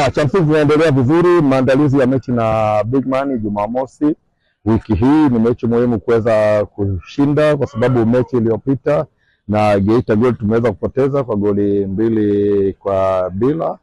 ya cha msingi zinaendelea vizuri. Maandalizi ya mechi na Man Jumamosi wiki hii ni mechi muhimu kuweza kushinda, kwa sababu mechi iliyopita na Geita Gold tumeweza kupoteza kwa goli mbili kwa bila,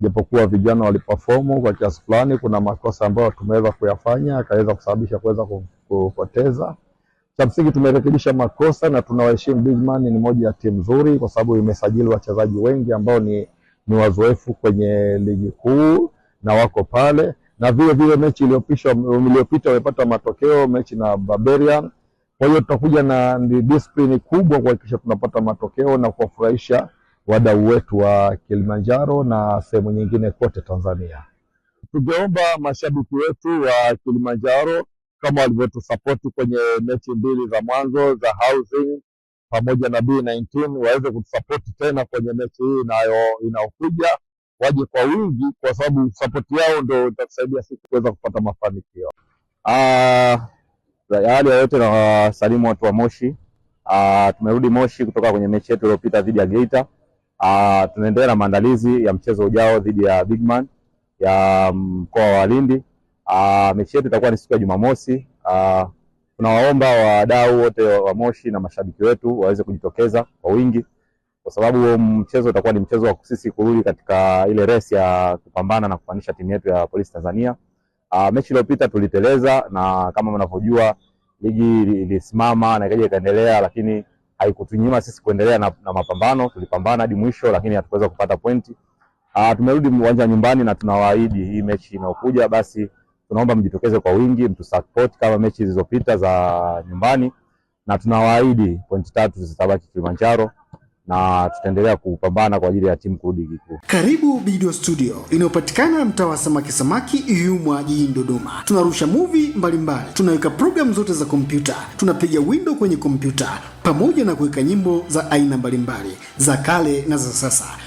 japokuwa vijana waliperform kwa kiasi fulani. Kuna makosa ambayo tumeweza kuyafanya akaweza kusababisha kuweza kupoteza. Cha msingi tumerekebisha makosa na tunawaheshimu Man, ni moja ya timu nzuri kwa sababu imesajili wachezaji wengi ambao ni ni wazoefu kwenye ligi kuu na wako pale, na vile vile mechi um, iliyopita wamepata matokeo mechi na Barbarian. Kwa hiyo tutakuja na discipline kubwa kuhakikisha tunapata matokeo na kuwafurahisha wadau wetu wa Kilimanjaro na sehemu nyingine kote Tanzania. Tungeomba mashabiki wetu wa Kilimanjaro kama walivyotusapoti kwenye mechi mbili za mwanzo za housing pamoja na B19 waweze kutusapoti tena kwenye mechi hii inayo inayokuja, waje kwa wingi, kwa sababu sapoti yao ndio itatusaidia sisi kuweza kupata mafanikio. Awali ah, ya yote, na wasalimu watu wa Moshi. Aa, ah, tumerudi Moshi kutoka kwenye mechi yetu iliyopita dhidi ya Geita. Ah, tunaendelea na maandalizi ya mchezo ujao dhidi ya Bigman ya mm, mkoa wa Lindi. Mechi yetu itakuwa ni siku ya Jumamosi. Aa, Tunawaomba wadau wote wa Moshi na mashabiki wetu waweze kujitokeza kwa wingi, kwa sababu mchezo utakuwa ni mchezo wa sisi kurudi katika ile resi ya kupambana na kufanisha timu yetu ya Polisi Tanzania. Uh, mechi iliyopita tuliteleza na kama mnavyojua ligi ilisimama na ikaja ikaendelea, lakini haikutunyima sisi kuendelea na, na mapambano. Tulipambana hadi mwisho, lakini hatukuweza kupata pointi. Uh, tumerudi uwanja nyumbani na tunawaahidi hii mechi inayokuja basi tunaomba mjitokeze kwa wingi, mtusupport kama mechi zilizopita za nyumbani, na tunawaahidi pointi tatu zitabaki Kilimanjaro na tutaendelea kupambana kwa ajili ya timu kurudi ligi kuu. Karibu Video Studio inayopatikana mtaa wa samaki samaki Yumwa, jijini Dodoma. Tunarusha movie mbalimbali, tunaweka programu zote za kompyuta, tunapiga window kwenye kompyuta, pamoja na kuweka nyimbo za aina mbalimbali za kale na za sasa.